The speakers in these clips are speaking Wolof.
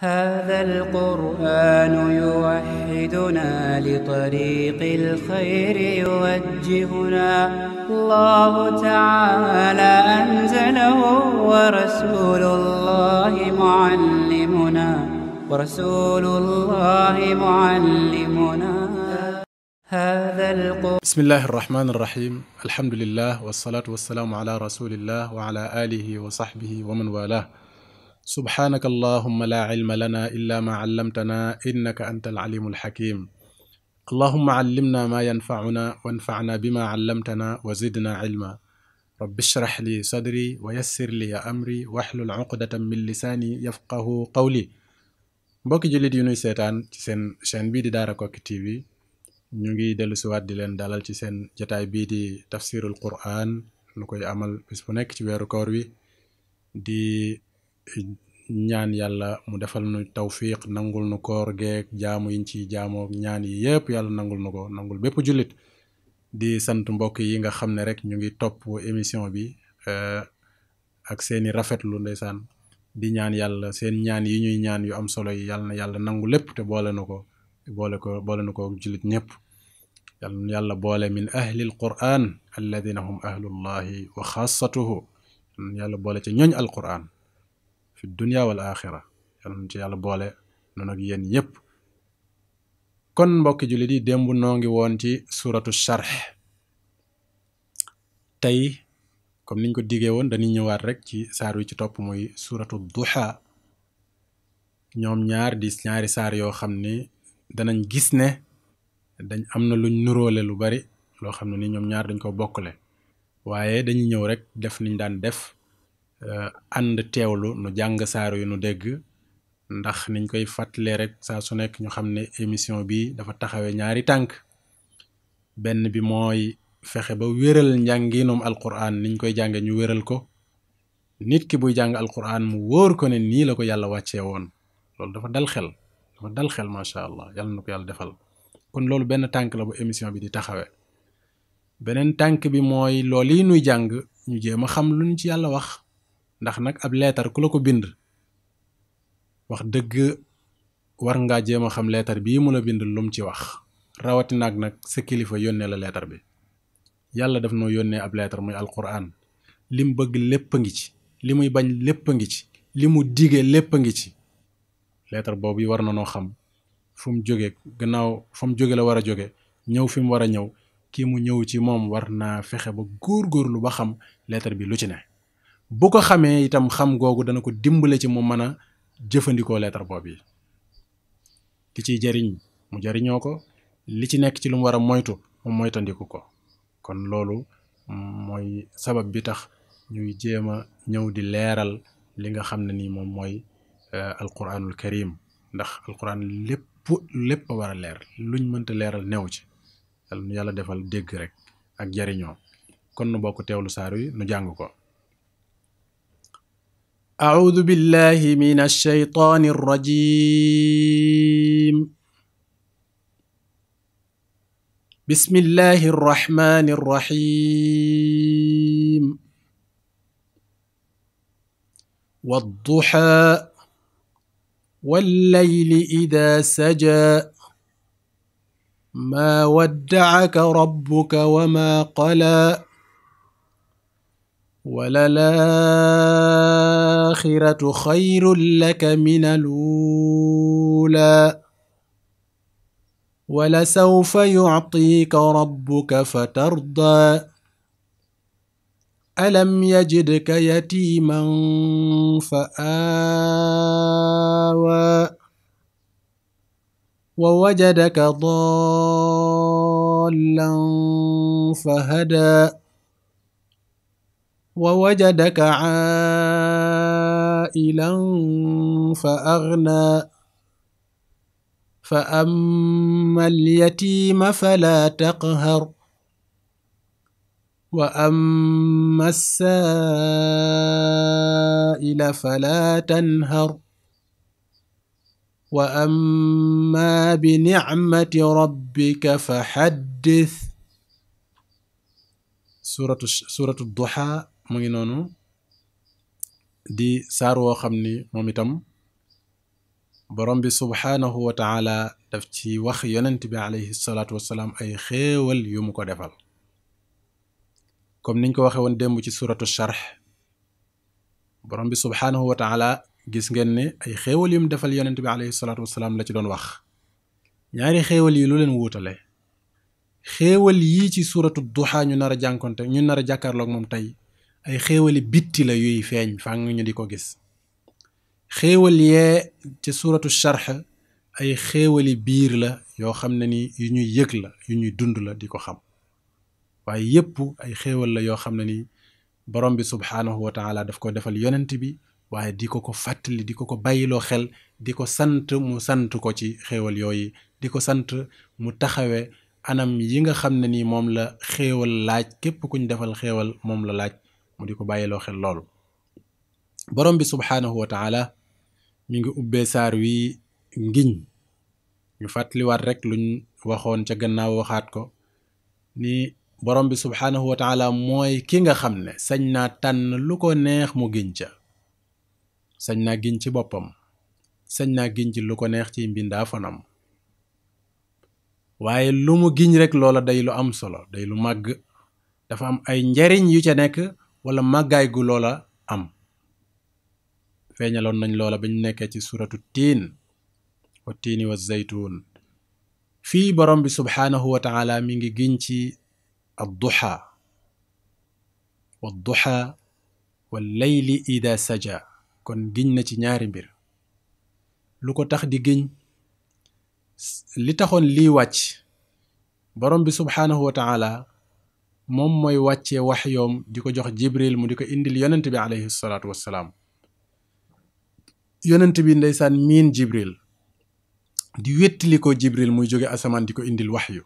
هذا القرآن يوحدنا لطريق الخير يوجهنا الله تعالى أنزله ورسول الله معلمنا ورسول الله معلمنا هذا القرآن بسم الله الرحمن الرحيم الحمد لله والصلاة والسلام على رسول الله وعلى آله وصحبه ومن والاه subhaanaka allahumma laa cilma lana illa maa callamtana innaka anta alcalimu alxakim allahumma callimna maa yanfacuna wanfacna bima callamtana wa zidna cilma rabbi shrax li sadri wa yassir li amri waxlul cuqdatan min lisaani yafqahu qawli seetaan ci seen bii di Daara ñu ngi dellu di leen dalal ci seen jataay bii di tafsirul nekk ci weeru koor ñaan yàlla mu defal nu tawfiq nangul nu koor geeg jaamu yiñ ci jaamoo ñaan yi yëpp yàlla nangul nu ko nangul bépp jullit di sant mbokk yi nga xam ne rek ñu ngi topp émission bi eh, ak seeni rafetlu ndeysaan di ñaan yàlla seen ñaan yi ñuy ñaan yu am solo yi yàlla na yàlla nangu lépp te boole nu ko boole ko boole nu ko jullit ñëpp yàlla boole min ahlil quran alladina wa xaasatuhu yàlla boole ca ñooñ alquran fi dunia wal axira yàlla nu ci yàlla boole noonu yéen yépp kon mbokki jullit yi démb noo ngi woon ci suratu charx tey comme niñ ko digee woon dañuy ñëwaat rek ci saar wi ci topp muy suratu duha ñoom ñaar di ñaari saar yoo xam ni danañ gis ne dañ am na luñ nuróole lu bari loo xam ne ni ñoom ñaar dañ ko bokkale waaye dañuy ñëw rek def niñ daan def ànd teewlu nu jàng saar yu nu dégg ndax niñ koy fàttalee rek saa su nekk ñu xam ne émission bii dafa taxawe ñaari tànk benn bi mooy fexe ba wéral njànginum alquran niñ koy jànge ñu wéral ko nit ki buy jàng alquran mu wóor ko ne nii la ko yàlla wàccee woon loolu dafa dal xel dafa dal xel macha allah yàlla na ko yàlla defal kon loolu benn tànk la bu émission bi di taxawee beneen tànk bi mooy loolu yi nuy jàng ñu jéem a xam lu ñu ci yàlla wax ndax nag ab leetar ku la ko bind wax dëgg war ngaa jéem a xam leetar bii mu la bind lum ci wax rawatinaak nag sa kilifa yónnee la leetar bi yàlla def noo yónnee ab leetar muy alxuraan li bëgg lépp a ngi ci li muy bañ lépp a ngi ci li mu digee lépp a ngi ci leetar boobu yi war na noo xam fu mu jóge gannaaw fu mu jóge la war a jóge ñëw fi mu war a ñëw kii mu ñëw ci moom war naa fexe ba góor góorlu ba xam leetar bi lu ci ne bu ko xamee itam xam googu dana ko dimbale ci mu mën a jëfandikoo lettre boobu yi ki ci jariñ mu jariñoo ko li ci nekk ci lu mu war a moytu mu moytandiku ko kon loolu mooy sabab bi tax ñuy jéem a ñëw di leeral li nga xam ne nii moom mooy eh, alquranul karim ndax alquran lépp lépp a war a leer luñ mënta leeral new ci yàlla defal dégg rek ak jariñoo kon nu bokk teewlu saar wi nu jàng ko أعوذ بالله من الشيطان الرجيم بسم الله الرحمن الرحيم والضحى والليل إذا سجى ما ودعك ربك وما قلى وللا الآخرة خير لك من الأولى ولسوف يعطيك ربك فترضى ألم يجدك يتيما فآوى ووجدك ضالا فهدى ووجدك عائلا سائلا فأغنى فأما اليتيم فلا تقهر وأما السائل فلا تنهر وأما بنعمة ربك فحدث suuratu suuratu duha mu ngi noonu di saar woo xam ni moom itam borom bi subhaanahu wa taala daf ci wax yonent bi alayhi salaatu wasalaam ay xéewal yu mu ko defal comme niñ ko waxee woon démb ci suratu sharx borom bi subhaanahu wa taala gis ngeen ne ay xéewal yu mu defal yonent bi alayhi salaatu wasalaam la ci doon wax ñaari xéewal yi lu leen wuutale xéewal yii ci suratu duxaa ñu nara a jànkonte ñu nar a jàkkaarloog moom tey ay xéewali bitti la yuy feeñ fàng ñu di ko gis xéewal yee ci suuratu charx ay xéewali biir la yoo xam ne ni yu ñuy yëg la yu ñuy dund la di ko xam waaye yépp ay xéewal la yoo xam ne ni borom bi subhaanahu wa taala daf ko defal yonent bi waaye di ko ko fàttali di ko ko bàyyiloo xel di ko sant mu sant ko ci xéewal yooyu di ko sant mu taxawe anam yi nga xam ne ni moom la xéewal laaj képp kuñ defal xéewal moom la laaj mu di ko bàyyiloo xel lool borom bi subhaanahu wa taala ngi ubbee saar wi ngiñ ñu fàttaliwaat rek luñ waxoon ca gannaaw waxaat ko ni borom bi subhaanahu wa mooy ki nga xam ne sañ naa tànn lu ko neex mu giñ ca sañ naa giñ ci boppam sañ naa giñ ci lu ko neex ci mbindaafonam waaye lu mu giñ rek loola day lu am solo day lu màgg dafa am ay njariñ yu ca nekk wala màggaay gu loola am feeñaloon nañ loola bañ nekkee ci suratu tiin wa tiini wa zaytuun fii borom bi subhaanahu wa taala mi ngi giñ ci adduxa wadduxa wa layli ida saja kon giñ na ci ñaari mbir lu ko tax di giñ li taxoon lii wàcc borom bi subhaanahu wa taala moom mooy wàccee wax yoom di ko jox jibril mu di ko indil yonent bi aleyhi salaatu salaam yonent bi ndeysaan miin jibril di wéttali ko jibril muy jóge asamaan di ko indil wax yu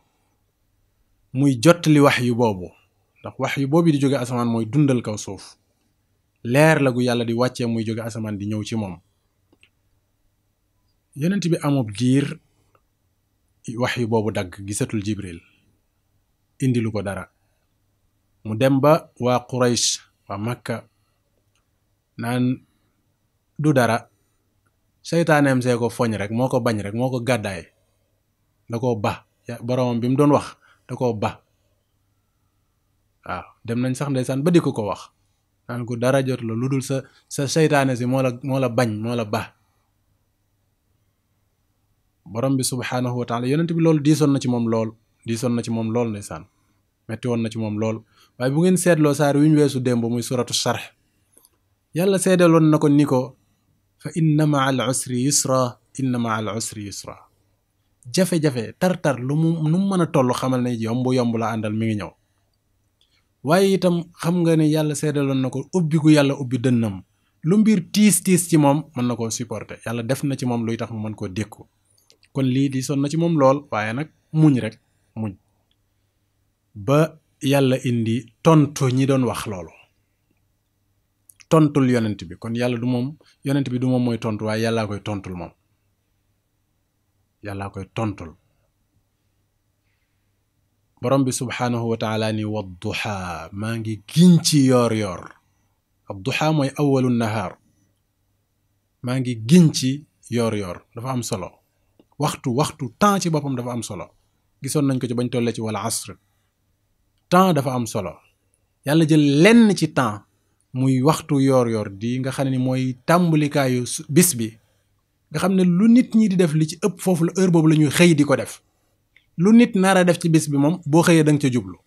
muy jottali wax yu boobu ndax wax yu boobu di jóge asamaan mooy dundal ko suuf leer la yàlla di wàccee muy jóge asamaan di ñëw ci moom yonent bi amub diir wax yu boobu dagg gisatul jibril indilu ko dara mu dem ba waa Quraysh waa Makka naan du dara seytaaneem see ko foñ rek moo ko bañ rek moo ko gàddaay da koo ba bi mu doon wax da koo ba waaw dem nañ sax ndeysaan ba di ko ko wax naan ko dara jot la lu dul sa sa seytaane si moo la bañ moo la ba borom bi subhaanahu wa taala yonent bi loolu diisoon na ci moom lool diisoon na ci moom lool ndeysaan metti woon na ci moom lool waaye bu ngeen seetloo saar wi ñu weesu démb muy suratu sarx yàlla seedaloon na ko ni ko fa inna maa al usri yusra inna maa al usri yusra jafe-jafe tar-tar lu mu nu mu mën a toll xamal na yomb-yomb la àndal mi ngi ñëw waaye itam xam nga ne yàlla seddaloon na ko ubbi gu yàlla ubbi dënnam lu mbir tiis tiis ci moom mën na koo supporter yàlla def na ci moom luy tax mu mën koo dékku kon lii di son na ci moom lool waaye nag muñ rek muñ ba yàlla indi tontu ñi doon wax loolu tontul yonent bi kon yàlla du moom yonent bi du moom mooy tontu waaye yàllaa koy tontul moom yàllaa koy tontul borom bi subhaanahu wa taala ni wadduhaa maa ngi giñ ci yoor yoor adduhaa mooy awalu nahaar maa ngi giñ ci yoor yoor dafa am solo waxtu waxtu temps ci boppam dafa am solo gisoon nañ ko ci bañ tollee ci wala asr temps dafa am solo yàlla jël lenn ci temps muy waxtu yoor-yoor di nga xam ne mooy tàmbalikaayu bis bi nga xam ne lu nit ñi di def li ci ëpp foofu la heure boobu la ñuy xëy di ko def lu nit nar a def ci bis bi moom boo xëyee da nga ca jublu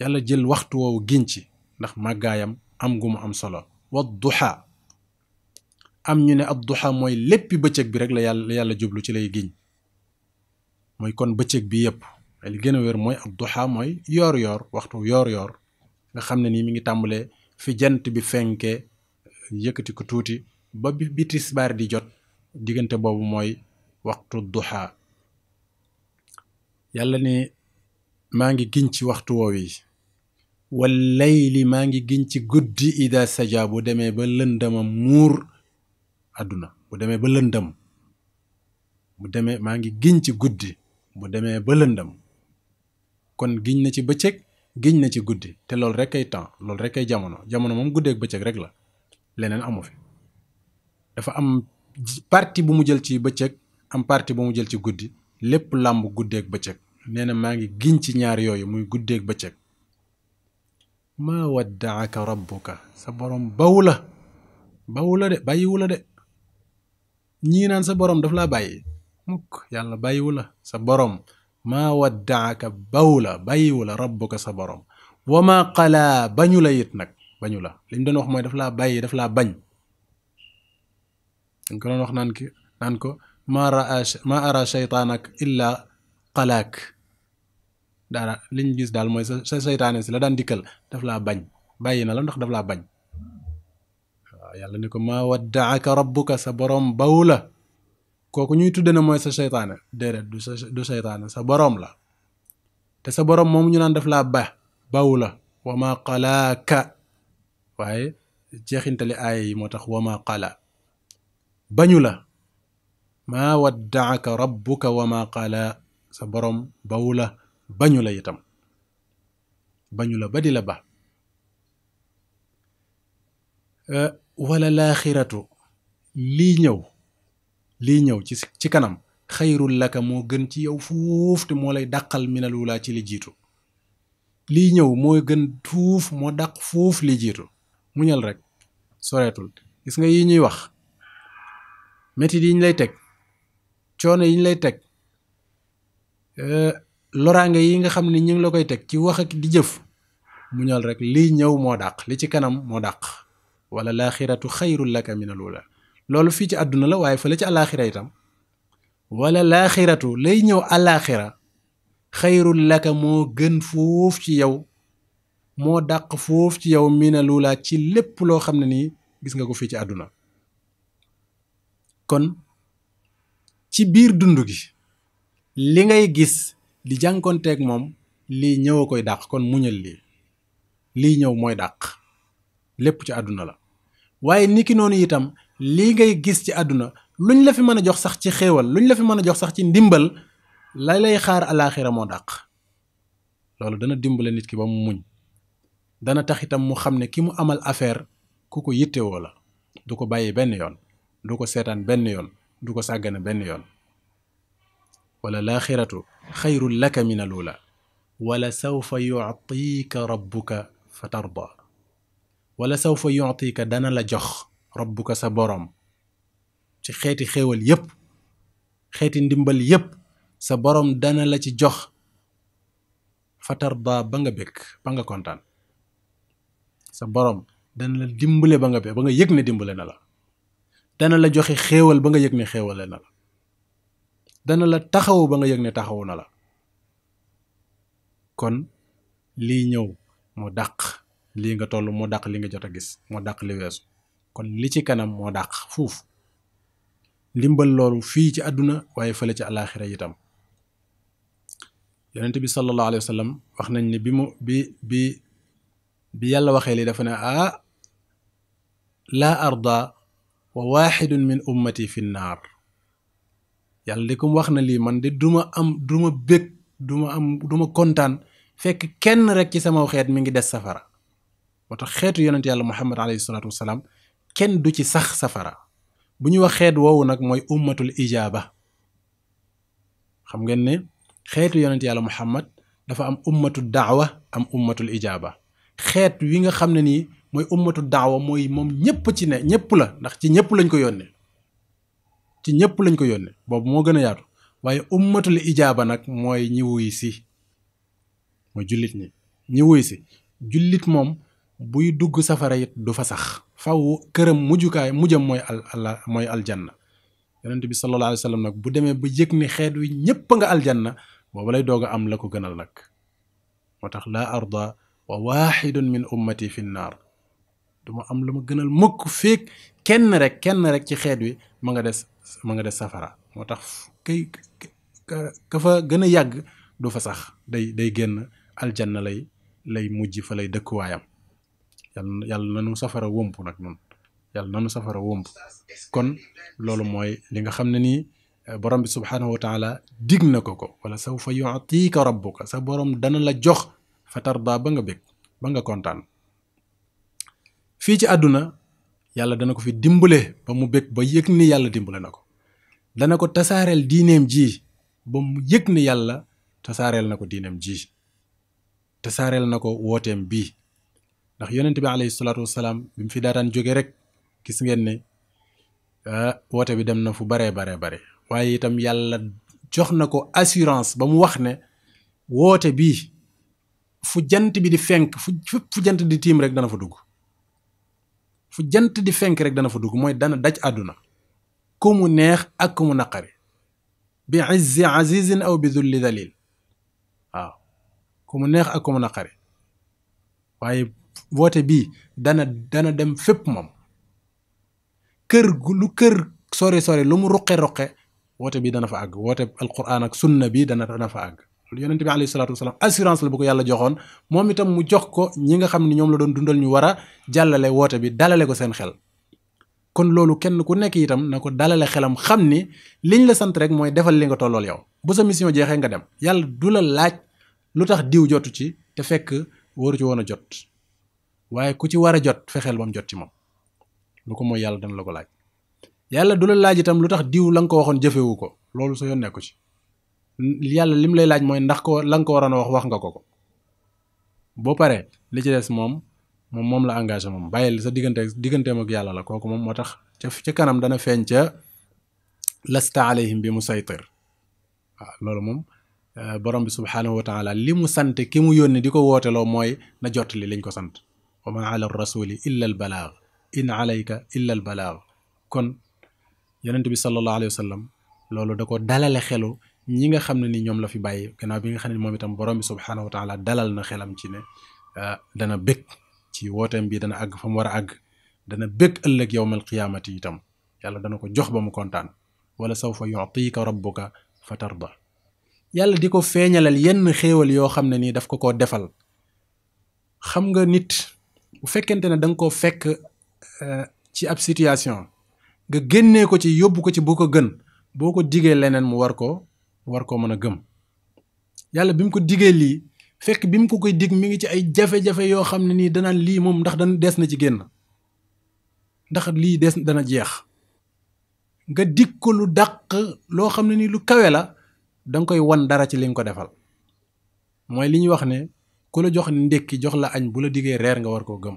yàlla jël waxtu woowu giñ ci ndax màggaayam am gu mu am solo wa duha am ñu ne ab duha mooy léppi bëccëg bi rek la yàlla yàlla jublu ci lay giñ mooy kon bëccëg bi yëpp. waaye li gën a wér mooy ab mooy yoor-yoor waxtu yoor-yoor nga xam na ni mi ngi tàmbalee fi jant bi fenke yëkkati ko tuuti ba bi bi di jot diggante boobu mooy waxtu duxaa yàlla ne maa ngi giñ ci waxtu woow yi wal lii maa ngi giñ ci guddi ida saja bu demee ba lëndama muur àdduna bu demee ba lëndëm bu demee maa ngi giñ ci guddi bu demee ba lëndëm kon giñ na ci bëccëg giñ na ci guddi te loolu rek ay temps loolu rek ay jamono jamono moom guddeeg bëccëg rek la leneen amu fi dafa am parti bu mu jël ci bëccëg am parti bu mu jël ci guddi lépp làmb guddeeg bëccëg nee na maa ngi giñ ci ñaar yooyu muy guddeeg bëccëg maa waddaaka sa borom bawu la bawu la de bàyyiwu la de ñii naan sa borom daf laa bàyyi mukk yàlla bàyyiwu la sa borom maa waddaaka baw la bàyyiwu la rabbuka sa borom wa maa qalaa bañu la it nag bañu la li mu doon wax mooy daf laa bàyyi daf laa bañ dañ ko doon wax naan ki naan ko maa raa maa ara qalaak daara li gis daal mooy sa sa seytaane si la daan dikkal daf laa bañ bàyyi na la ndax daf laa bañ yàlla ni ko maa waddaaka rabbuka sa borom bawla kooku ñuy tudde na mooy sa seytaane déedéet du du seytaane sa boroom la te sa boroom moom ñu naan def la ba bawu la wama qalaaka waaye jeexintali aaya yi moo tax wama qala bañu la maa waddaaka rabbuka wama qala sa boroom bawu la bañu la itam bañu la ba di la ba eh, wala laaxiratu lii ñëw lii ñëw ci ci kanam xayrul laka moo gën ci yow fuuf te moo lay dàqal minal wulaa ci li jiitu lii ñëw moo gën fuuf moo dàq foofu li jiitu muñal rek soreetul gis nga yi ñuy wax métit yi ñu lay teg coono yi ñu lay teg euh, loraange yi nga xam ne ñu la koy teg ci wax ak di jëf muñal rek lii ñëw moo daq li ci kanam moo dàq laa laaxiratu xayrul laka minal wula loolu fii ci àdduna la waaye fële ci alaaxira itam wala laaxiratu lay ñëw alaaxira xayrul laka moo gën foofu ci yow moo dàq foofu ci yow mina luulaa ci lépp loo xam ne nii gis nga ko fii ci àdduna kon ci biir dund gi li ngay gis di jànkonteeg moom lii ñëw koy dàq kon muñal lii lii ñëw mooy dàq lépp ci àdduna la waaye niki itam lii ngay gis ci àdduna luñ la fi mën a jox sax ci xéewal luñ la fi mën a jox sax ci ndimbal la lay xaar alaaxira moo dàq loolu dana dimbale nit ki ba mu muñ dana taxitam mu xam ne ki mu amal affaire ku ko yittewoo la du ko bàyyi benn yoon du ko seetaan benn yoon du ko sàggane benn yoon wala laaxiratu xayrun laka min walla wala sawfa yuctiika rabbuka fa tarda wala sawfa yuctiika dana la jox ko sa boroom ci xeeti xéewal yépp xeeti ndimbal yépp sa boroom dana la ci jox fatar ba nga bëgg ba nga kontaan sa boroom dana la dimbale ba nga bëgg ba nga yëg ne dimbale na la dana la joxe xéewal ba nga yëg ne xéewale na la dana la taxawu ba nga yëg ne taxawu na la kon lii ñëw moo daq lii nga toll moo daq li nga jot a gis moo dàq li weesu kon li ci kanam moo dàq fuuf ndimbal loolu fii ci àdduna waaye fële ci alaaxira itam yonent bi sallallahu alayhi wa wax nañ ne bi mu bi bi bi yàlla waxee lii dafa ne ah laa ardaa wa waaxidun min ummati fi naar yàlla di kum wax na lii man de duma am duma bég duma am duma kontaan fekk kenn rek ci sama xeet mu ngi des safara moo tax xeetu yonent yàlla muhammad alayhi salaatu wa salaam kenn du ci sax safara bu ñu wax xeet woowu nag mooy ummatul ijaaba xam ngeen ne xeetu yonent yàlla muhammad dafa am ummatu daawa am ummatul ijaaba xeet wi nga xam ne nii mooy ummatu daawa mooy moom ñëpp ci ne ñëpp la ndax ci ñëpp lañ ko yónnee ci ñëpp lañ ko yónnee boobu moo gën a yaatu waaye ummatul ijaaba nag mooy ñi si mooy jullit ñi ñi si jullit moom buy dugg safara it du fa sax faw këram mujjukaay mujjam mooy al alla mooy aljanna yonent bi sallallahu alayhi wa nag bu demee ba yëg ni xeet wi ñépp nga aljanna booba lay doog a am la ko gënal nag moo tax laa arda wa waxidun min ummati fi nnaar du ma am la ma gënal mukk feek kenn rek kenn rek ci xeet wi ma nga des mu nga des safara moo tax kay ka fa gën a yàgg du fa sax day day génn aljanna lay lay mujj fa lay dëkkuwaayam yàlla na nu safara wómp nag noonu yàlla nanu safara wómp kon loolu mooy li nga xam ne nii eh, borom bi subhaanahu wa digg na ko ko wala sawfa yu'tika rabbuka sa boroom dana la jox fatarda ba nga bég ba nga kontaan fii ci àdduna yàlla dana ko fi dimbale ba mu bég ba yëg ni yàlla dimbale na ko dana ko tasaareel diineem jii ba mu yëg ni yàlla tasaareel na ko diineem ji tasaareel na ko wooteem bii ndax yonent bi alayhi salaatu wasalaam bi mu fi daataan jóge rek gis ngeen ne ah, woote bi dem na fu baree bare bare waaye itam yàlla jox na ko assurance ba mu wax ne woote bi fu jant bi di fenk fu fu jant di tiim rek dana fa dugg fu jant di fenk rek dana fa dugg mooy dana daj àdduna ku mu neex ak ku mu naqari bi izzi azizin aw bi dulli dalil waaw ku mu neex ak ku mu naqari waaye woote bii dana dana dem fépp moom kër lu kër sore sore lu mu ruqe ruqe woote bi dana fa àgg woote bi alquran ak sunna bii dana dana fa àgg loolu yonente bi alayhi salaatu wasalaam assurance la bu ko yàlla joxoon moom itam mu jox ko ñi nga xam ni ñoom la doon dundal ñu war a jàllale woote bi dalale ko seen xel kon loolu kenn ku nekk itam na ko dalale xelam xam ni liñ la sant rek mooy defal li nga tollool yow bu sa mission jeexee nga dem yàlla du la laaj lu tax diw jotu ci te fekk waru ci woon a jot waaye ku ci war a jot fexeel ba jot ci moom lu ko mooy yàlla dana la ko laaj yàlla du la laaj itam lu tax diw la nga ko waxoon jëfewu ko loolu sa yoon nekku ci yàlla li mu lay laaj mooy ndax la nga ko waroon wax wax nga ko ko boo paree li ci des moom moom moom la engagé moom bàyyil sa diggante digganteem ak yàlla la kooku moom moo tax ca ca kanam dana feeñ ca lasta alayhim bi mu saytir waaw loolu moom eh, borom bi subhaanahu wa taala li mu sant ki mu yónni di ko wooteloo mooy na jot li lañ ko sant wa ma ala rasuli illa al balaag in alayka illa al balaag kon yonent bi sallallahu alayhi wa loolu da ko dalale xelu ñi nga xam ne ni ñoom la fi bàyyi gannaaw bi nga xam ne moom itam borom bi subhaanahu wa taala dalal na xelam ci ne ah, dana bëgg ci wooteem bi dana àgg fa mu war a àgg dana bëgg ëllëg yowmal qiyaamati itam yàlla dana ko jox ba mu kontaan wala sawfa yu'tika rabbuka fa tarda yàlla di ko feeñalal yenn xéewal yoo xam ne nii daf ko koo defal xam nga nit bu fekkente ne danga nga koo fekk euh, ci ab situation nga génnee ko ci yóbbu ko ci bu ko gën boo ko digee leneen mu war koo war koo mën a gëm yàlla bi mu ko diggee lii fekk bi mu ko koy dig mi ngi ci ay jafe-jafe yoo xam ne nii danaan lii moom ndax dan des na ci génn ndax lii des dana jeex nga digg ko lu dàq loo xam ne nii lu kawe la danga koy wan dara ci li nga ko defal mooy li ñuy wax ne ku la jox ndékki jox la añ bu la diggee reer nga war koo gëm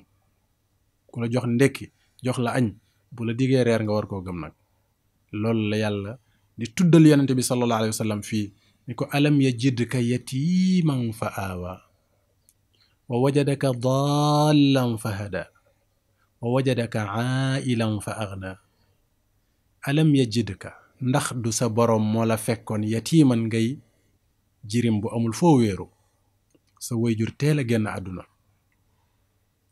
ku la jox ndékki jox la añ bu la diggee reer nga war koo gëm nag loolu la yàlla di tuddal yonente bi sallallahu alayhi wa sallam fii ni ko alam yajidka yatiman fa aawa wa wajadaka dallan fa hada wa wajadaka ailan fa agna alam yajidka ndax du sa boroom moo la fekkoon yatiman ngay jirim bu amul foo wéeru sa jur teel a génn àdduna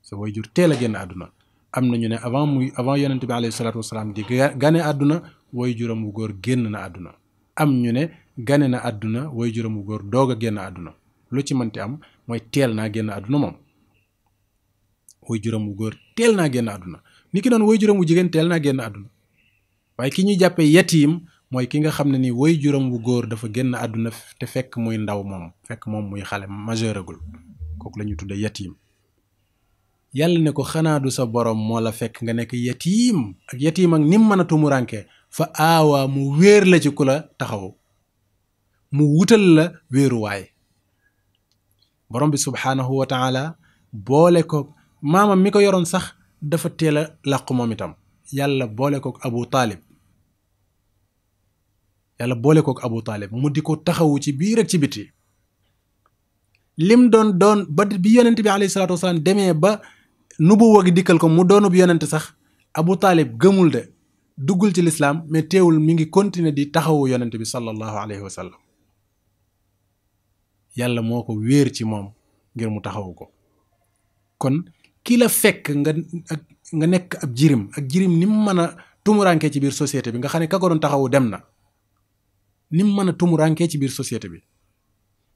sa jur teel a génn àdduna am na ñu ne avant muy avant yonent bi alayhi salaatu wasalaam di gane àdduna wayjuram wu góor génn na àdduna am ñu ne gane na àdduna wayjuram wu góor doog a génn àdduna lu ci mënti am mooy teel naa génn àdduna moom wayjuram wu góor teel naa génn àdduna ni ki noonu wayjuram wu jigéen teel naa génn àdduna waaye ki ñuy jàppee yatiim mooy ki nga xam ne ni woy juróom wu góor dafa génn àdduna te fekk muy ndaw moom fekk moom muy xale majeuragul kook la ñuy tudde yatiim yàlla ne ko xanaa du sa borom moo la fekk nga nekk yatiim ak yatiim ak nim mën a fa aawa mu wéer la ci ku la taxaw mu wutal la wéeruwaay borom bi subhaanahu wa taala boole ko maamam mi ko yoroon sax dafa teel a làqu moom itam yàlla boole ko abu taalib yàlla boole kook Abu Taalib mu di ko taxawu ci biir ak ci biti lim doon doon ba bi yonent bi alayhi salaatu wasalaam demee ba nubuwa gi dikkal ko mu doonub yonent sax Abu Taalib gëmul de duggul ci lislaam mais teewul mi ngi continuer di taxawu yonent bi sallallahu alayhi wa sallam yàlla moo ko wéer ci moom ngir mu taxawu ko kon ki la fekk nga nga nekk ab jirim ak jirim ni mu mën a tumuraanke ci biir société bi nga xam ne ka ko doon taxawu dem na ni mu mën a tumurankee ci biir société bi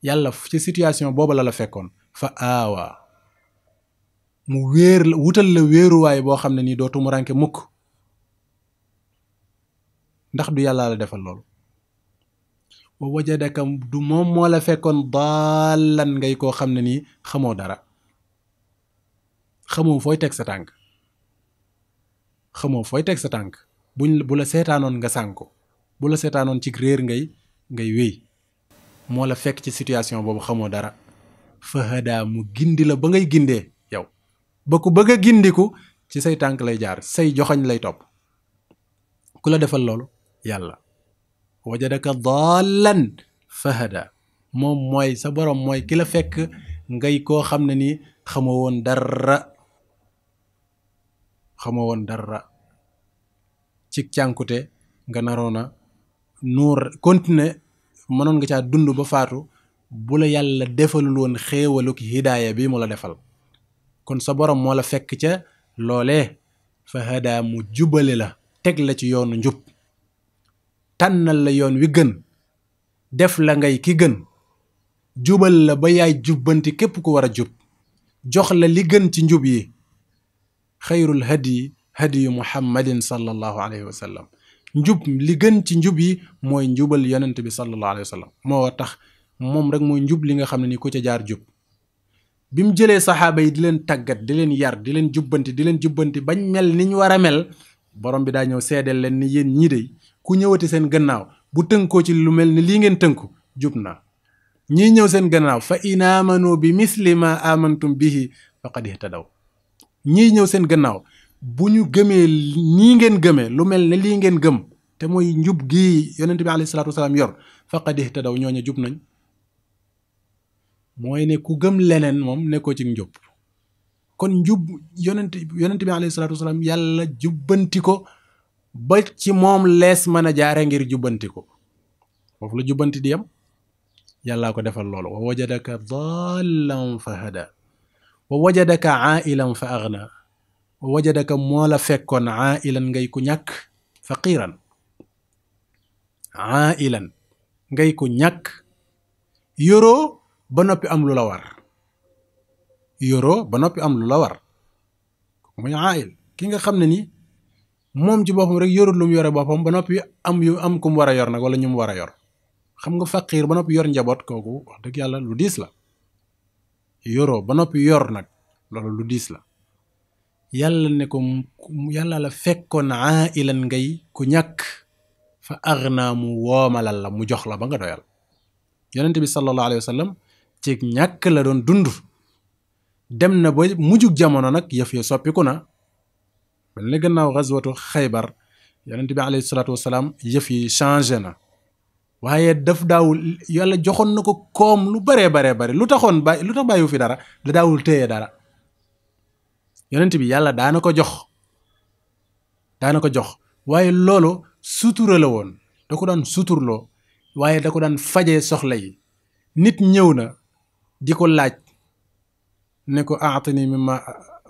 yàlla ci situation booba la la fekkoon fa aawa mu wéer la wutal la wéeruwaay boo xam ne nii doo tumuranke mukk ndax du yàlla la defal loolu wa wajadaka du moom moo la fekkoon daalan ngay koo xam ne nii xamoo dara xamoo fooy teg sa tànk xamoo fooy teg sa tànk buñ bu la seetaanoon nga sànko bu la seetaanoon ci réer ngay ngay wéy moo la fekk ci situation boobu xamoo dara fahadaa mu gindi la ba ngay gindee yow ba ku bëgg a gindiku ci say tànk lay jaar say joxañ lay topp ku la defal loolu yàlla wajadaka daalan fahada moom mooy sa borom mooy ki la fekk ngay koo xam ne ni xamoo woon dara xamoo woon dara ci cànkute nga naroon a nuur continuer mënoon nga caa dund ba faatu bu la yàlla defaluloon woon xéewaluk hidaaya bi mu la defal kon sa boroom moo la fekk ca loole fa hada mu jubale la teg la ci yoonu njub tànnal la yoon wi gën def la ngay ki gën jubal la ba yaay jubanti képp ku war a jub jox la li gën ci njub yi xayrul hadi hadiyu muhammadin sallallahu alayhi wa sallam njub li gën ci njub yi mooy njubal yonent bi sallallahu alayhi wa moo tax moom rek mooy njub li nga xam ne ni ku ca jaar jub bi mu jëlee saxaaba yi di leen tàggat di leen yar di leen jubbanti di leen jubbanti bañ mel ni ñu war a mel borom bi daa ñëw seedeel leen ni yéen ñii de ku ñëwati seen gannaaw bu tënkoo ci lu mel ni lii ngeen tënku jub naa ñii ñëw seen gannaaw fa in aamanu bi misli ma amantum bihi faqad ihtadaw ñii ñëw seen gannaaw bu ñu gëmee nii ngeen gëmee lu mel ni lii ngeen gëm te mooy njub gii yonent bi alayhi salaatu wasalaam yor faqad ihtadaw ñooñu jub nañ mooy ne ku gëm leneen moom nekkoo ci njub kon njub yonent yonent bi alayhi salaatu wasalaam yàlla jubbanti ko ba ci moom lees mën a jaare ngir jubbanti ko foofu la jubbanti di yam yàllaa ko defal loolu wa wajadaka dallan fa hada wa wajadaka ailan fa agna wa wajadaka moo la fekkoon ailan ngay ko ñàkk faqiran ailan ngay ko ñàkk yoroo ba noppi am lu la war yoroo ba noppi am lu la war muy ail ki nga xam ne ni moom ci boppam rek yorul lu mu yore boppam ba noppi am yu am ku war a yor nag wala ñu mu war a yor xam nga faqiir ba noppi yor njaboot kooku wax dëgg yàlla lu diis la yoroo ba noppi yor nag loolu lu diis la yàlla ne ko yàlla la fekkoon ailan ngay ku ñàkk fa aghnaa mu woomalal la mu jox la ba nga doyal yonent bi sallallahu alayhi wa sallam ñàkk la doon dund dem na ba mujjug jamono nag yëf ya soppiku na mel ne gannaaw xaswatu xaybar yonent bi yi changé na waaye daf daawul yàlla joxoon na ko koom lu baree baree bare lu taxoon bàyyi lu tax bàyyiwu fi dara da daawul téye dara yonent bi yàlla daana ko jox daana ko jox waaye loolu sutura la woon da ko daan suturloo waaye da ko daan fajee soxla yi nit ñëw na di ko laaj ne ko aatani mimma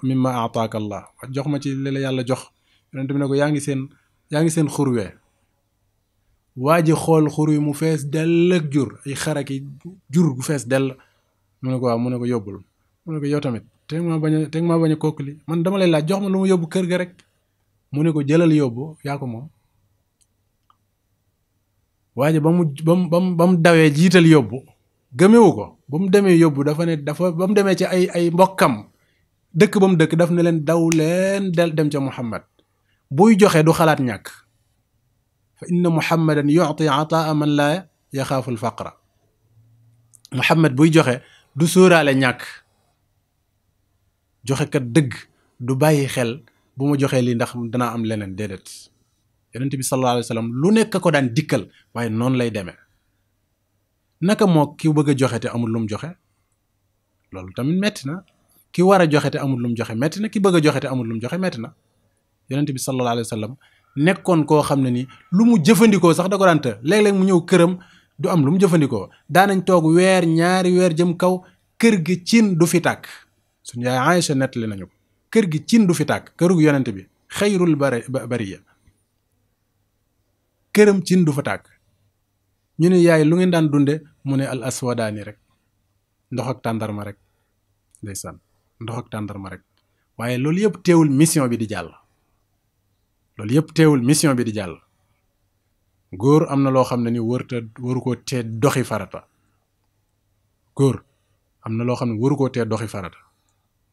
mimma aataaka allah jox ma ci li yàlla jox yonent bi ne ko yaa ngi seen yaa ngi seen xurwee waa ji xool xur wi mu fees dell ak jur ay xaraki jur gu fees dell mu ne ko waaw mu ne ko yóbbul mu ne ko yow tamit te maa bañ a te maa bañ a kookali man dama lay laaj jox ma lu mu yóbbu kër ga rek mu ne ko jëlal yóbbu yaa ko moom waa ba mu ba mu ba mu dawee jiital yóbbu gëmewu ko ba mu demee yóbbu dafa ne dafa ba mu demee ci ay ay mbokkam dëkk ba mu dëkk daf ne leen daw leen dem ca Muhammad buy joxe du xalaat ñàkk fa inna muhammadan yuti ataa man laa yaxaaful faqra Muhammad buy joxe du sóoraale ñàkk joxekat dëgg du bàyyi xel bu ma joxee lii ndax danaa am leneen déedéet yonent bi sallallahu alayhi wa lu nekk ko daan dikkal waaye noonu lay demee naka moo ki bëgg a joxe te amul lum joxe loolu tamit metti na ki war a joxe te amul lum joxe metti na ki bëgg a joxe te lu mu joxe metti na yonent bi sallallahu alayhi wa nekkoon koo xam ne ni lu mu jëfandikoo sax da ko daan të léeg-léeg mu ñëw këram du am lu mu jëfandikoo daanañ toog weer ñaari weer jëm kaw kër gi cin du fi tàkk suñu yaay Aïcha nettali nañu ko kër gi cin du fi tàkk kërug yonent bi xayrul bari bariya këram cin du fa tàkk ñu ne yaay lu ngeen daan dunde mu ne al aswadaani rek ndox ak tàndarma rek ndeysaan ndox ak tàndarma rek waaye loolu yëpp teewul mission bi di jàll loolu yëpp teewul mission bi di jàll góor am na loo xam ne ni wërta waru koo tee doxi farata góor am na loo xam ne waru koo tee doxi farata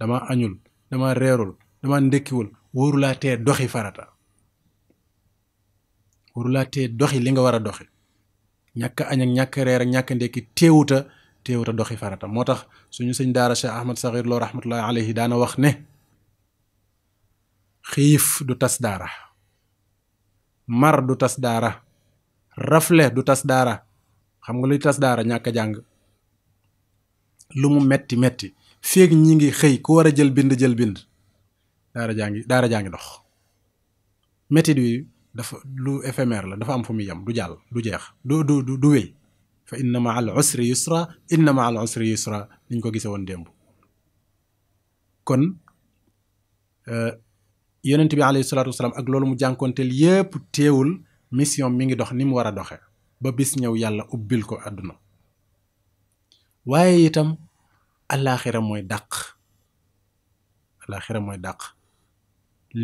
dama añul dama reerul dama ndékkiwul wóorulaa tee doxi farata wóorulaa tee doxi li nga war a doxi ñàkk añ ak ñàkk reer ak ñàkk ndékki téewuta téewuta doxi farata moo tax suñu sëñ daara Cheikh Ahmad Saxiir Lo rahmatullahi alayhi daana wax ne xiif du tas daara mar du tas daara rafle du tas daara xam nga luy tas daara ñàkk jàng lu mu metti metti feeg ñi ngi xëy ku war a jël bind jël bind daara jaa ngi daara jaa ngi dox métit wi dafa lu éphémère la dafa am fu mu yem du jàll du jeex du du du wéy fa inna ma al yusra inna ma al yusra niñ ko gisee woon démb kon euh, yonent bi alayhi salaatu wasalaam mu jànkoonteel yépp teewul mission mi ngi dox ni mu war a doxe ba bis ñëw yàlla ubbil ko àdduna waaye itam alaaxira mooy dàq alaaxira mooy dàq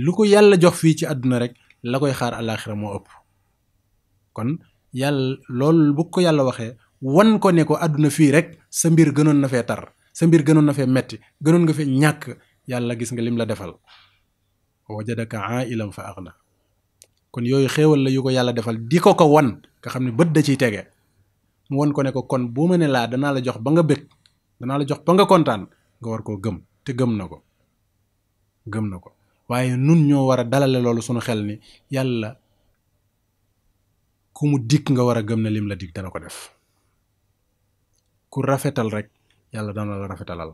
lu ko yàlla jox fii ci àdduna rek la koy xaar alaaxira moo ëpp kon yàlla lool bu ko yàlla waxee wan ko ne ko àdduna fii rek sa mbir gënoon na fee tar sa mbir gënoon na fee metti gënoon nga fee ñàkk yàlla gis nga lim la defal wajadaka ailan fa aghna kon yooyu xéewal la yu ko yàlla defal di ko ko wan nga xam ne bët da ciy tege mu wan ko ne ko kon bu ma ne laa danaa la jox ba nga bëgg danaa la jox ba nga kontaan nga war koo gëm te gëm na ko gëm na ko waaye nun ñoo war a dalale loolu sunu xel ni yàlla ku mu dikk nga war a gëm ne lim la dikk dana ko def ku rafetal rek yàlla dana la rafetalal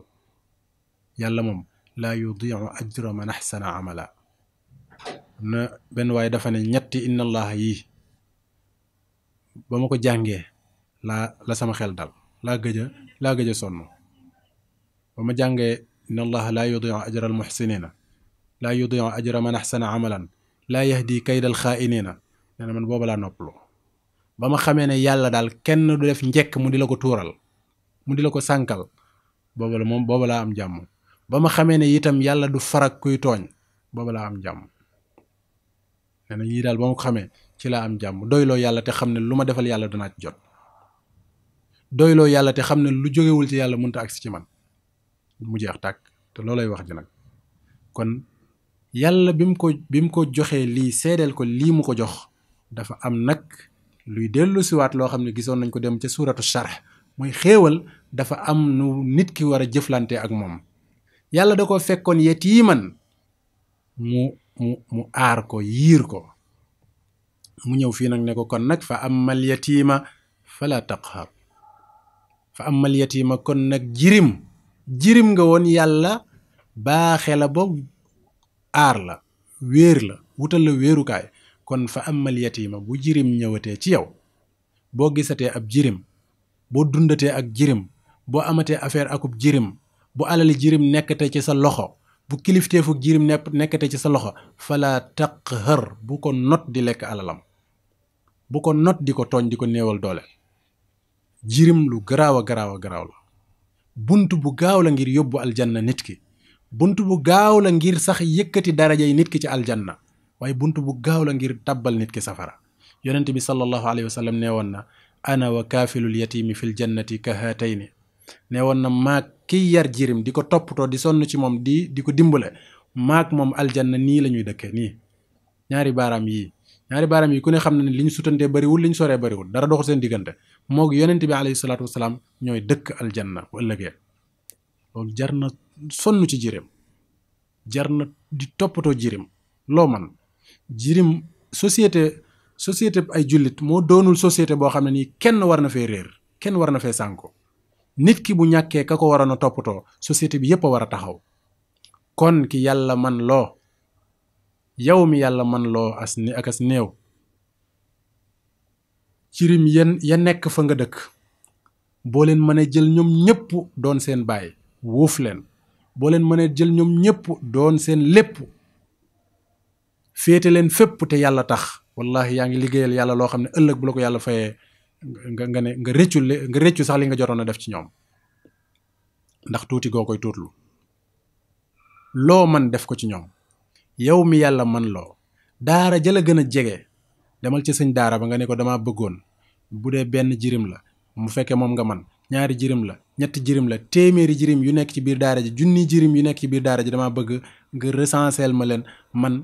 yàlla moom laa yudiu ajra man ahsana amala na benn waaye dafa ne ñetti inna yi ba ma ko jàngee laa la sama xel dal laa gëj laa gëj a sonn ba ma jàngee inna allaha laa yudiu ajra almuxsinina laa yudiu ajra man axsana amalan laa yahdi kayda alxaainina nee na man booba laa noppaloo ba ma xamee ne yàlla daal kenn du def njekk mu di la ko tuural mu di la ko sànkal booba la moom booba laa am jàmm ba ma xamee ne itam yàlla du farak kuy tooñ booba laa am jàmm nee na yii daal ba ma xamee ci laa am jàmm doyloo yàlla te xam ne lu ma defal yàlla danaa ci jot doyloo yàlla te xam ne lu jógewul ci yàlla mënta agsi ci man mu jeex tàkk te loolay wax ji nag kon yàlla bi mu ko bi mu ko joxee lii seedeel ko lii mu ko jox dafa am nag luy dellu siwaat loo xam ne gisoon nañ ko dem ca suuratu sharh muy xéewal dafa am nu nit ki war a jëflante ak moom yàlla da ko fekkoon yetiiman mu mu mu aar ko yiir ko mu ñëw fii nag ne ko kon nag fa am ammal yatiima fala taqhar fa ammal yatiima kon nag jirim jirim nga woon yàlla baaxe la ba aar la wéer la wutal la wéerukaay kon fa am amal yatiima bu jirim ñëwatee ci yow boo gisatee ab jirim boo dundatee ak jirim boo amatee affaire akub jirim bu alali jirim nekkate ci sa loxo bu kilifteefu jirim nepp nekkate ci sa loxo fala taqhar bu ko not di lekk alalam bu ko not di ko tooñ di ko néewal doole jirim lu garaaw garaawa garaaw garaaw la bunt bu gaaw la ngir yóbbu aljanna nit ki bunt bu gaaw la ngir sax yëkkati darajay nit ki ci aljanna waaye bunt bu gaaw la ngir tàbbal nit ki safara yonent bi sallallahu alayhi wa sallam nee woon na ana wa kaafilul yatiimi fil jannati ka haatayni nee woon na maag kiy yar jirim di ko toppatoo di sonn ci moom di di ko dimbale maag moom aljanna nii la ñuy dëkkee nii ñaari baaraam yii ñaari baaraam yi ku ne xam na ne li ñu sutantee bariwul li ñu soree bariwul dara doxul seen diggante moog yonent bi alayhi salaatu wasalaam ñooy dëkk aljanna bu ëllëgee jar na sonn ci jirim jar na di toppatoo jirim loo man jirim société bi ay jullit moo doonul société boo xam ne nii kenn war na fee réer kenn war na fee sànko nit ki bu ñàkkee ka ko waroon a toppatoo société bi yépp a war a taxaw kon ki yàlla man loo yow mi yàlla man loo as ak as néew kirim yan ya nekk fa nga dëkk boo leen mën jël ñoom ñëpp doon seen baay wuuf leen boo leen mën jël ñoom ñëpp doon seen lépp féete leen fépp te yàlla tax wallahi yaa ngi liggéeyal yàlla loo xam ne ëllëg bu la ko yàlla fayee nga nga ne nga réccu sax li nga jotoon a def ci ñoom ndax tuuti goo koy tuutlu loo man def ko ci ñoom yow mi yàlla man loo daara jëla gën a jege demal ci sëñ daara ba nga ne ko damaa bëggoon bu dee benn jirim la mu fekkee moom nga man ñaari jirim la ñetti jirim la téeméeri jirim yu nekk ci biir daara ji junni jirim yu nekk ci biir daara ji damaa bëgg nga recensel ma leen man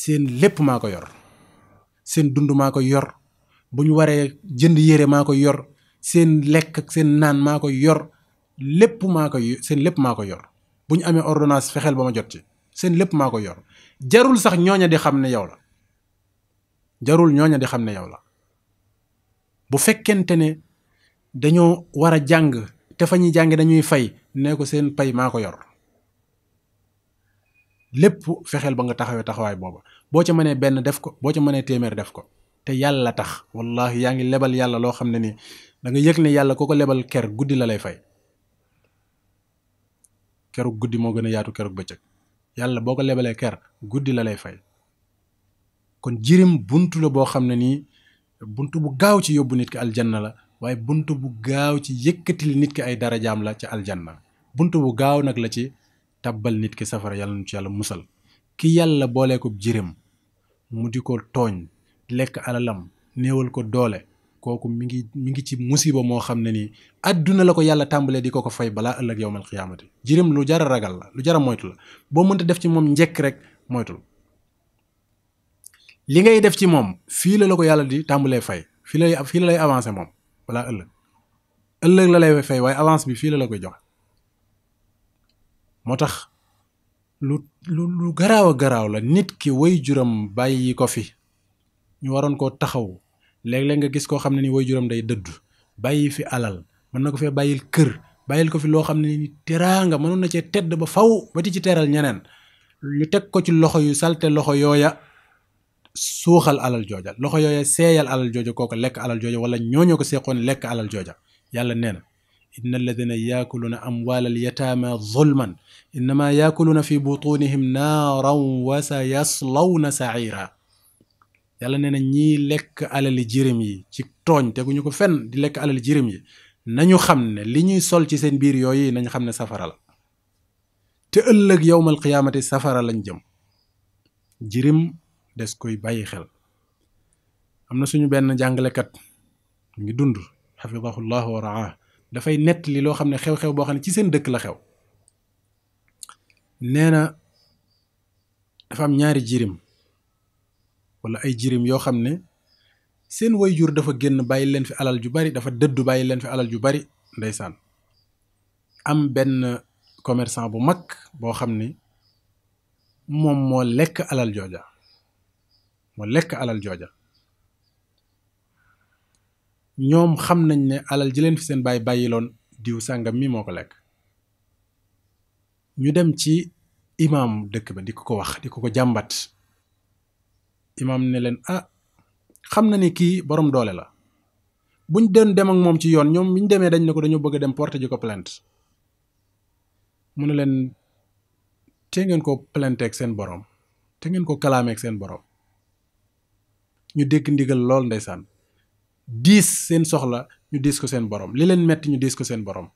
seen lépp maa ko yor seen dund maa ko yor bu ñu waree jënd yére maa ko yor seen lekk seen naan maa ko yor lépp maa ko seen lépp maa ko yor bu ñu amee ordonnance fexeel ba ma jot ci seen lépp maa ko yor jarul sax ñooña di xam ne yow la jarul ñooña di xam ne yow la bu fekkente ne dañoo war a jàng te fa ñuy jànge dañuy fay nee ko seen pay maa ko yor lépp fexeel ba nga taxawee taxawaay booba boo ca mënee benn def ko boo ca mënee téeméer def ko te yàlla tax wallahi yaa ngi lebal yàlla loo xam ne nii danga nga yëg ne yàlla ko ko lebal ker guddi la lay fay kerug guddi moo gën a yaatu kerug bëccëg yàlla boo ko lebalee ker guddi la lay fay kon jirim buntu la boo xam ne nii bunt bu gaaw ci yóbbu nit ki aljanna la waaye buntu bu gaaw ci yëkkatil nit ki ay darajaam la ci aljanna bunt bu gaaw nag la ci tabbal nit ki safara yàlla nu ci yàlla musal ki yàlla boolee ko jirim mu di ko tooñ lekk alalam néewal ko doole kooku mu ngi mu ngi ci musiba moo xam ne nii àdduna la ko yàlla tàmbalee di ko ko fay balaa ëllëg yowmal xiyaamati jirim lu jar a ragal la lu jara moytu la boo mënta def ci moom njëkk rek moytul li ngay def ci moom fii la la ko yàlla di tàmbalee fay fii la fii la lay avancé moom balaa ëllëg ëllëg la lay fay waaye avance bi fii la la koy jox moo tax lu lu lu garaaw a garaaw la nit ki woy juram bàyyi ko fi ñu waroon koo taxaw léeg-léeg nga gis koo xam ne ni way juróom day dëddu bàyyi fi alal mën na ko fee bàyyil kër bàyyil ko fi loo xam ne ni teraanga mënoon na cee tedd ba faw ba di ci teeral ñeneen ñu teg ko ci loxo yu salte loxo yooya suuxal alal jooja loxo yooya seeyal alal jooja kooku lekk alal jooja wala ñooñoo ko seeqoon lekk alal jooja yàlla nee na inna alladina yaakuluuna amwaal alyataama zulman innama yaakuluuna fi butunihim naaran wa sa yaslawna saira yàlla nee na ñiy lekk alali jirim yi ci tooñ teguñu ko fen di lekk alali jirim yi nañu xam ne li ñuy sol ci seen biir yooyu nañ xam ne safara la te ëllëg yowmal qiyaamati safara lañ jëm jirim des koy bàyyi xel am na suñu benn jàngalekat mu ngi dund xafidahullahu wa raah dafay nett li loo xam ne xew-xew boo xam ne ci seen dëkk la xew nee na dafa am ñaari jirim wala ay jirim yoo xam ne seen wayjur dafa génn bàyyi leen fi alal ju bari dafa dëddu bàyyi leen fi alal ju bari ndeysaan am benn commerçant bu mag boo xam ne moom moo lekk alal jooja mu lekk alal jooja ñoom xam nañ ne alal ji leen fi seen baay bàyyiloon diw sàngam mi moo ko lekk ñu dem ci imaam dëkk ba di ko ko wax di ko ko jàmbat imaam ne leen ah xam na ni kii borom doole la buñ doon dem ak moom ci yoon ñoom biñ demee dañ ne ko dañoo bëgg a dem porte ji ko plainte mu ne leen te ngeen ko plainte seen borom te ngeen ko kalaameek seen borom ñu dégg ndigal lool ndeysaan diis seen soxla ñu diis ko seen boroom li leen metti ñu diis ko seen borom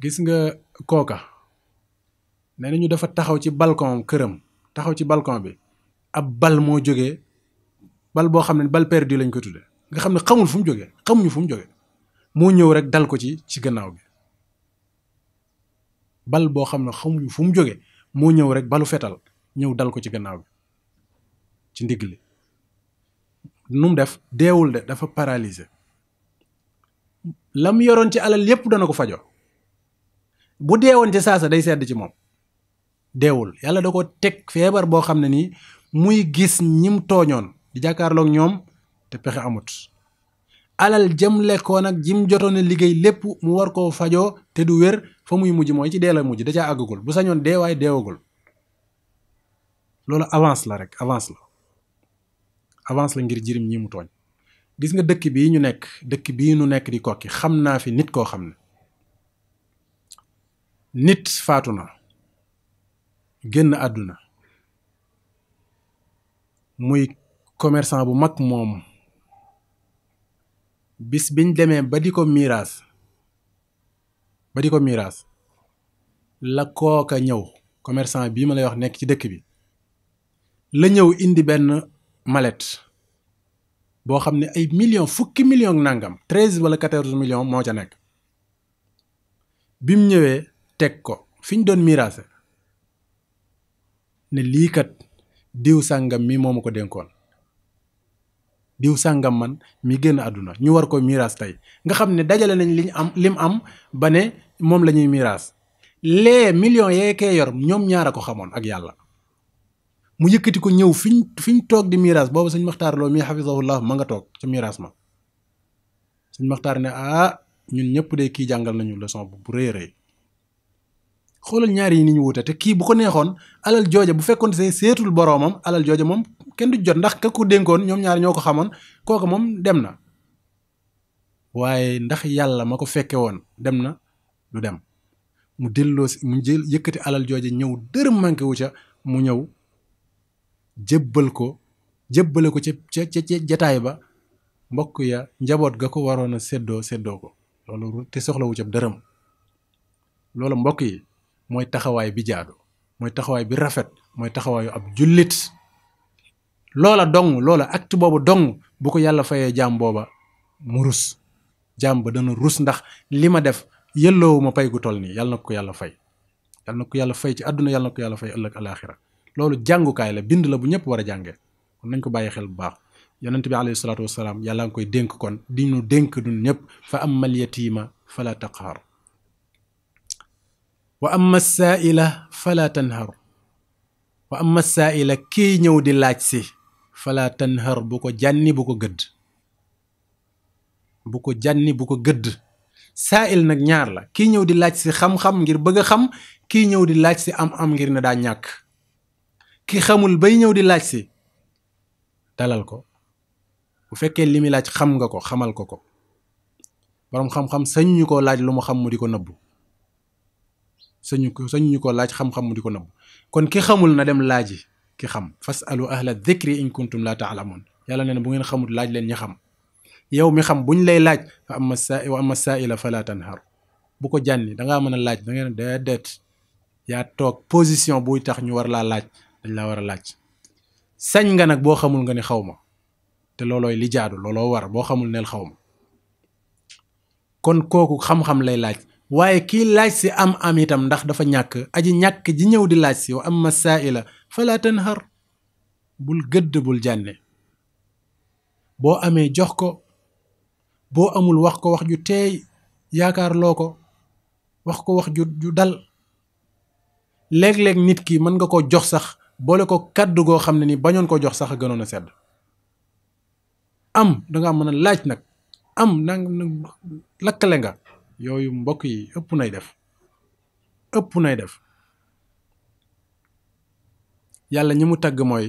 gis nga kooka na ñu dafa taxaw ci balcon këram taxaw ci balcon bi ab bal moo jógee bal boo xam ne bal perdu lañ ko tudde nga xam ne xamul fu mu jógee xamuñu fu mu jógee moo ñëw rek dal ko ci ci gannaaw bi bal boo xam ne xamuñu fu mu jógee moo ñëw rek balu fetal ñëw dal ko ci gannaaw bi ci ndigg li nu mu def deewul de dafa paralysé lam yoroon ci alal yépp dana ko fajo bu deewoon ci saasa day sedd ci moom deewul yàlla da ko teg feebar boo xam ne nii muy gis ñim tooñoon di jàkkaarloog ñoom te pexe amut alal jëm lekkoon ak jim jotoon a liggéey lépp mu war koo fajoo te du wér fa muy mujj mooy ci dee la mujj da ca àggagul bu sañoon dee waaye deewagul loolu avance la rek avance la avance la ngir jirim ñi mu tooñ gis nga dëkk bii ñu nekk dëkk bii ñu nekk di kokki xam naa fi nit koo xam ne nit faatu na génn àdduna muy commerçant bu mag moom bis biñ demee ba di ko miraas ba di ko miiraas la kooka ñëw commerçant bii ma lay wax nekk ci dëkk bi la ñëw indi benn mallette boo xam ne ay millions fukki millions nangam treize wala quatorze million moo ca nekk bi mu ñëwee teg ko fi ñu doon miraase ne lii kat diw sàngam mi moom ma ko dénkoon diw sàngam man mi génn àdduna ñu war ko miraas tey nga xam ne dajale nañ liñ am lim am ba ne moom lañuy ñuy miraas les yee yeekee yor ñoom ñaar a ko xamoon ak yàlla mu yëkkati ko ñëw fi ñu fi ñu toog di miiras boobu sëñ Maxtaar loo mii xafisahullah ma nga toog ca miiras ma sëñ Maxtaar ne ah ñun ñëpp de kii jàngal nañu leçon bu rëy a rëy xoolal ñaar yi ni ñu wute te kii bu ko neexoon alal jooja bu fekkoon see seetul boroomam alal jooja moom kenn du jot ndax ka ko dénkoon ñoom ñaar ñoo ko xamoon kooka moom dem na waaye ndax yàlla ma ko fekke woon dem na lu dem mu dëlloo si mu jël yëkkati alal jooja ñëw dërëm manqué wu ca mu ñëw jébbal ko jébbale ko ca ca ca jataay ba mbokk ya njaboot ga ko waroon a seddoo seddoo ko loolu te soxlawu ca dërëm loolu mbokk yi mooy taxawaay bi jaadu mooy taxawaay bi rafet mooy taxawaayu ab jullit loola dong loola acte boobu dong bu ko yàlla fayee jaam booba mu rus jaam ba dana rus ndax li ma def yëlloowu ma pay gu toll nii yàlla na ko yàlla fay yàlla na ko yàlla fay ci àdduna yàlla na ko yàlla fay ëllëg alaaxira loolu jàngukaay la bind la bu ñëpp war a jàngee kon nañ ko bàyyi xel bu baax yonent bi alayhi salaatu wasalaam yàlla nga koy dénk kon di ñu dénk dun ñëpp fa am al yatiima fala taqhar wa amma saaila saaila kii ñëw di laaj si falaata tanhar bu ko jànni bu ko gëdd bu ko jànni bu ko gëdd saail nag ñaar la kii ñëw di laaj si xam-xam ngir bëgg a xam kii ñëw di laaj si am am ngir ne daa ñàkk ki xamul bay ñëw di laaj si dalal ko bu fekkee li muy laaj xam nga ko xamal ko ko boroom xam-xam sañu ñu koo laaj lu mu xam mu di ko nëbbu sañu ko sañu ñu laaj xam-xam mu di ko nëbbu kon ki xamul na dem laaji ki xam fasalu ahla dikri in kuntum laa taalamoon yàlla nee na bu ngeen xamut laaj leen ñi xam yow mi xam buñ lay laaj fa amma saa wa amma saaila fala tanhar bu ko jànni danga mën a laaj da ngeen déedéet yaa toog position buy tax ñu war laa laaj dañ laa war a laaj sañ nga nag boo xamul nga ni xaw ma te loolooy li jaadu looloo war boo xamul neel xaw ma kon kooku xam-xam lay laaj waaye kii laaj si am am itam ndax dafa ñàkk aji ñàkk ji ñëw di laaj si am wa amma saaila fala xar bul gëdd bul jànne boo amee jox ko boo amul wax ko wax ju teey yaakaar loo ko wax ko wax ju ju dal léeg-léeg nit ki mën nga ko jox sax boole ko kàddu goo xam ne ni bañoon ko jox sax a gënoon a sedd am danga am mën a laaj nag am na lakkale nga yooyu mbokk yi ëpp nay def ëpp nay def yàlla ñi mu tagg mooy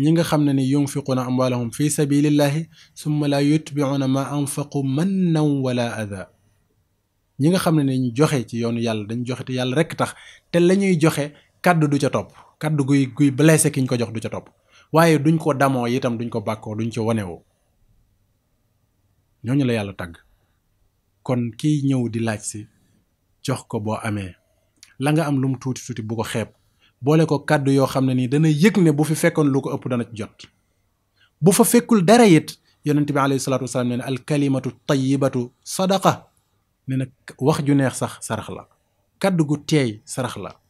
ñi nga xam ne ni na yunfiquuna amwaalahum fi sabilillahi summa laa yutbicuuna ma man mannan wala ada ñi nga xam ne ni ñu joxe ci yoonu yàlla dañ joxe te yàlla rekk tax te lañuy joxe kàddu du ca topp kaddu guy guy blessé ki ñu ko jox du ca topp waaye duñ ko damoo itam duñ ko bàkkoo duñ ci ñoo ñu la yàlla tàgg kon kiy ñëw di laaj si jox ko boo amee la nga am lu mu tuuti tuuti bu ko xeeb boole ko kàddu yoo xam ne nii dana yëg ne bu fi fekkoon lu ko ëpp dana jot bu fa fekkul dara it yonent bi alayhi salaatu wasalaam nee na al kalimatu tayyibatu sadaqa wax ju neex sax sarax la kàdd gu teey sarax la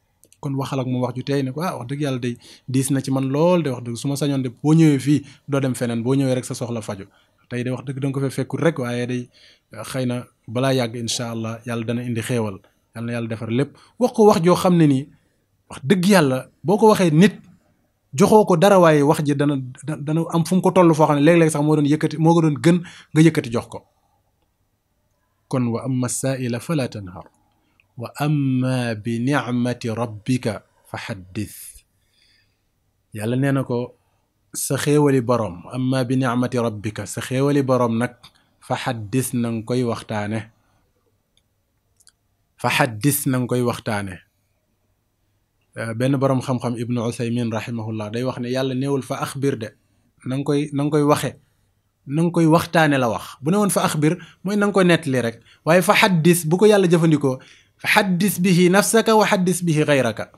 kon waxal ak moom wax ju tey ne ko ah wax dëgg yàlla day diis na ci man lool de wax dëgg su ma sañoon de boo ñëwee fii doo dem feneen boo ñëwee rek sa soxla fajo tey de wax dëgg da nga ko fee fekkul rek waaye day euh, xëy na balaa yàgg incha allah yàlla dana indi xéewal yàlla na yàlla defar lépp wax ko wax joo xam ne nii wax dëgg yàlla boo ko waxee nit joxoo ko dara waaye wax ji dana dana am fu mu ko toll foo xam ne léeg-léeg sax moo doon yëkkati moo ko doon gën nga yëkkati jox ko kon wa amma saa'ila fala tanhar wa amma bi ni'mati rabbika fa xaddis yàlla nee na ko sa xéewali boroom amma bi ni'mati rabbika sa xéewali boroom nag fa xaddis na koy waxtaane fa xaddis na koy waxtaane euh, benn boroom xam-xam ibnu usaymin rahimahullah day wax ne yàlla neewul fa axbir de na koy na koy waxe na koy waxtaane la wax bu ne woon fa axbir mooy na nga koy rek waaye fa xaddis bu ko yàlla jëfandikoo xaddis bihi nafsaka wa xaddis bihi gayraka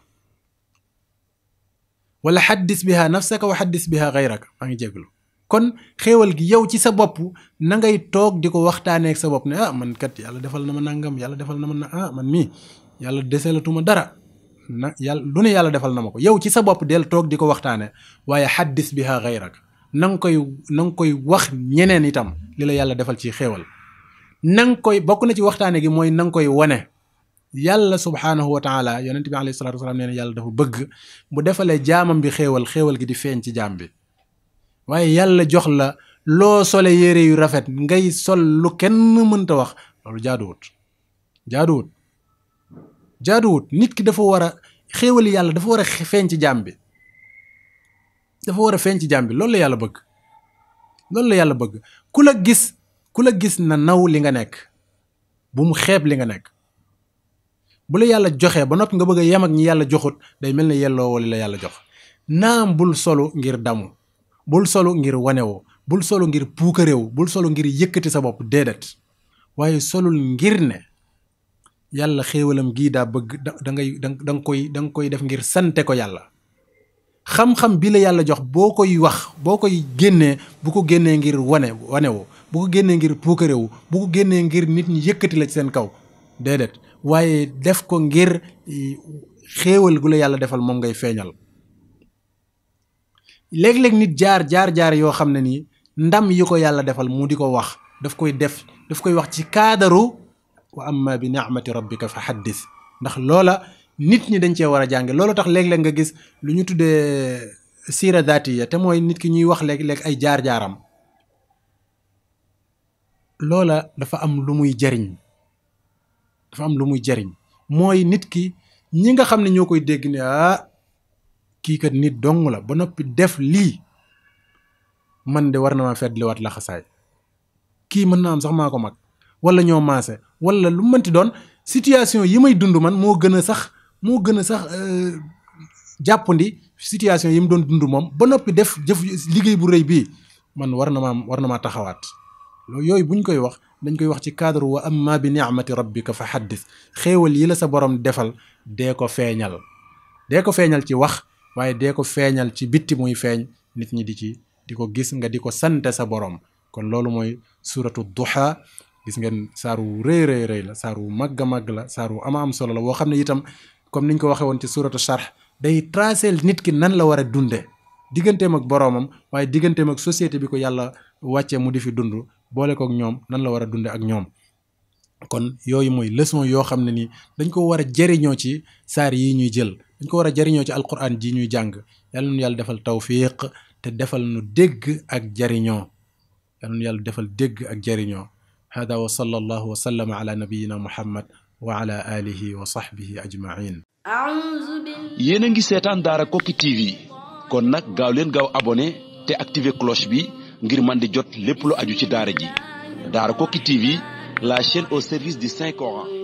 wala xaddis biha nafsaka wa xaddis biha gayraka maa ngi jéglu kon xéewal gi yow ci sa bopp na ngay toog di ko waxtaanee ak sa bopp ne ah man kat yàlla defal na ma nangam yàlla defal na ma na ah man mii yàlla deselatuma dara na yàlla lu ne yàlla defal na ma ko yow ci sa bopp del toog di ko waxtaanee waaye xaddis biha gayraka na nga koy na nga koy wax ñeneen itam li la yàlla defal ci xéewal na nga koy bokk na ci waxtaane gi mooy na nga koy wane yàlla subhaanahu wa taala yonent bi alayhi salaatu wasalaam nee na yàlla dafa bëgg bu defalee jaamam bi xéewal xéewal gi di feeñ ci jaam bi waaye yàlla jox la loo sole yére yu rafet ngay sol lu kenn mënta wax loolu jaaduwut jaaduwut jaaduwut nit ki dafa war a xéewali yàlla dafa war a feeñ ci jaam bi dafa war a feeñ ci jaam bi loolu la yàlla bëgg loolu la yàlla bëgg ku la gis ku la gis na naw li nga nekk bu mu xeeb li nga nekk bu la yàlla joxee ba noppi nga bëgg a yem ak ñi yàlla joxut day mel ne yelloo wala la yàlla jox naam bul solu ngir damu bul solu ngir wanewoo bul solu ngir puukaréew bul solu ngir yëkkati sa bopp déedéet waaye solul ngir ne yàlla xéewalam gii daa bëgg da da ngay koy da koy def ngir sante ko yàlla xam bi la yàlla jox boo koy wax boo koy génnee bu ko génnee ngir wane wanewoo bu ko génnee ngir puukaréew bu ko génnee ngir nit ñi yëkkati la seen kaw déedéet waaye def ko ngir xéewal gu la yàlla defal moom ngay feeñal léeg-léeg nit jaar jaar jaar yoo xam ne nii ndam yi ko yàlla defal mu di ko wax daf koy def daf koy wax ci kaadaru wa amma bi ni'mati rabbika fa xaddis ndax loola nit ñi dañ cee war a jànge loolu tax léeg-léeg nga gis lu ñu tuddee eh, siira daati ya te mooy nit ki ñuy wax léeg-léeg ay jaar-jaaram loola dafa am lu muy jariñ dafa am lu muy jariñ mooy nit ki ñi nga xam ne ñoo koy dégg ne ah kii kat nit dong la ba noppi def lii man de war na maa fetliwaat laxasaay kii mën naa am sax maa ko mag wala ñoo maase wala lu mënti doon situation yi may dund man moo gën a sax moo gën a sax euh, jàppandi situation yi mu doon dund moom ba noppi def jëf liggéey bu rëy bii man war na maa war na maa taxawaat loolu yooyu buñ koy wax dañ koy wax ci cadre wa maa bi ni'mati ko fa xaddis xéewal yi la sa borom defal dee ko feeñal dee ko feeñal ci wax waaye dee ko feeñal ci bitti muy feeñ nit ñi di ci di ko gis nga di ko sante sa borom kon loolu mooy suratu duha gis ngeen saaru rëy rëy rëy la saaru wu magga magg la saaru wu am am solo la woo xam ne itam comme niñ ko waxee woon ci suratu charh day tracel nit ki nan la war a dunde digganteem ak boroomam waaye digganteem ak société bi ko yàlla wàccee mu di fi dund boole kook ñoom nan la war a dunde ak ñoom kon yooyu mooy leçon yoo xam ne ni dañ ko war a jëriñoo ci saar yi ñuy jël dañ ko war a jëriñoo ci alquran ji ñuy jàng yàlla nu yàlla defal tawfiq te defal nu dégg ak jëriñoo yàlla nu yàlla defal dégg ak jëriñoo hada wa sallallahu wa sallama ala nabiyina muhammad wa alihi wa sahbihi ajmain yéen a ngi seetaan daara Koki TV kon nag gaaw leen gaaw abonné te activer cloche bi ngir man di jot lépp lu aju ci daara ji Daarakoki TV la chaîne au service di cinq Coran